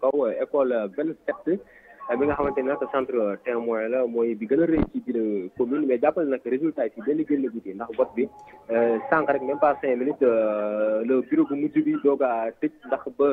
kaw euh, école euh, vingt sept euh, bi nga xamante ni nag centre témoin la mooy bi gën a rëy ci biir commune mais jàppale nag résultat yi si benn génn gu ci ndax vote bi sànq rek même pas cinq minutes le bureau bu mujj bi doog a tëj ndax ba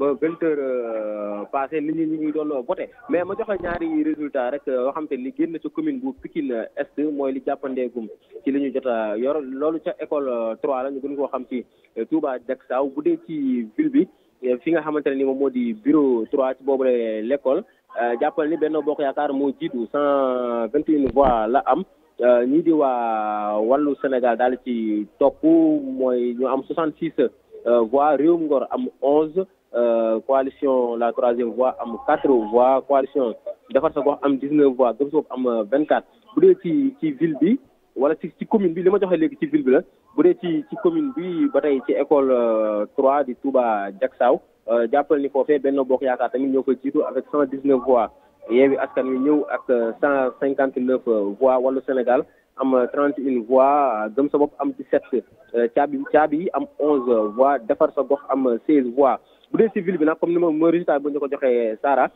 ba vingt heures passé nit ñi ñu ngi doon voté mais ma joxe ñaari résultat rek yoo xam te li génn ci commune bu Pikine Est mooy li jàppandeegum ci li ñu jot a yor loolu ca école trois la ñu gën koo xam ci Touba Diacksao bu dee ci ville bi fi nga xamante ne ni moom moo di bureau 3 ci boobu l'école euh, jàppal ni Benno Bokk Yaakaar moo jiitu cent vingt une voix la am euh, ñii di waa wallu Sénégal daal ci topp mooy ñu am soixante six euh, voix Réewum Ngor am onze coalition la troisième voie am quatre voix coalition defar sa gox am dix neuf voix gëm ci ci ville bi wala ci ci commune bi li ma joxe léegi ci ville bi la bu dee ci ci commune bi ba tey ci école 3 euh, di Touba Diaksaaw euh, jàppal ni foofee benn bokk yaakaar tamit ñoo koy jiitu avec cent dix neuf voix Yewwi Askan Wi ñëw ak euh, cent cinquante neuf voix Wallu Sénégal am trente une voix Gëm sa bopp am dix sept caabi caabi yi am onze voix defar sa gox am seize voix bu dee ci ville bi nag comme ni ma ma résultat bu ñu ko joxee Sara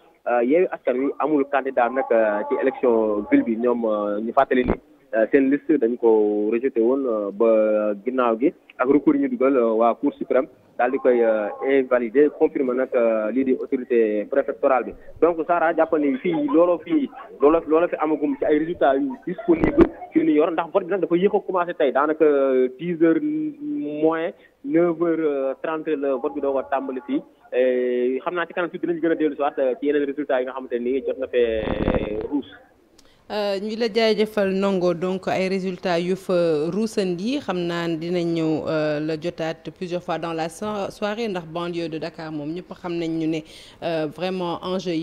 Yewwi Askan Wi amul candidat nag ci élection ville bi ñoom ñu fàttali ni Euh, seen liste dañ ko rejeté woon euh, ba ginnaaw gi ak recours yi ñu dugal euh, waa cour suprême daal di koy invalidé confirmé nag lii di autorité préfectorale bi donc Sara jàppal ni fii looloo fii looloo looloo fi amagum ci ay résultats yu disponible ci ñu yor ndax vote bi nag dafa yéex a commencé tey daanaka dix heures moins neuf heures trente la vote bi doo ko tàmbali fii xam naa ci kanam tuuti dinañ gën a dellu ci yeneen résultat yi nga xamante nii jot na fee ruus Euh, ñu la jaajëfal Ndongo donc ay résultats yu fa ruusandi xam naa dinañ ñëw euh, la jotaat plusieurs fois dans la soirée ndax banlieue de Dakar moom ñëpp xam nañ ñu ne euh, vraiment enjeu yi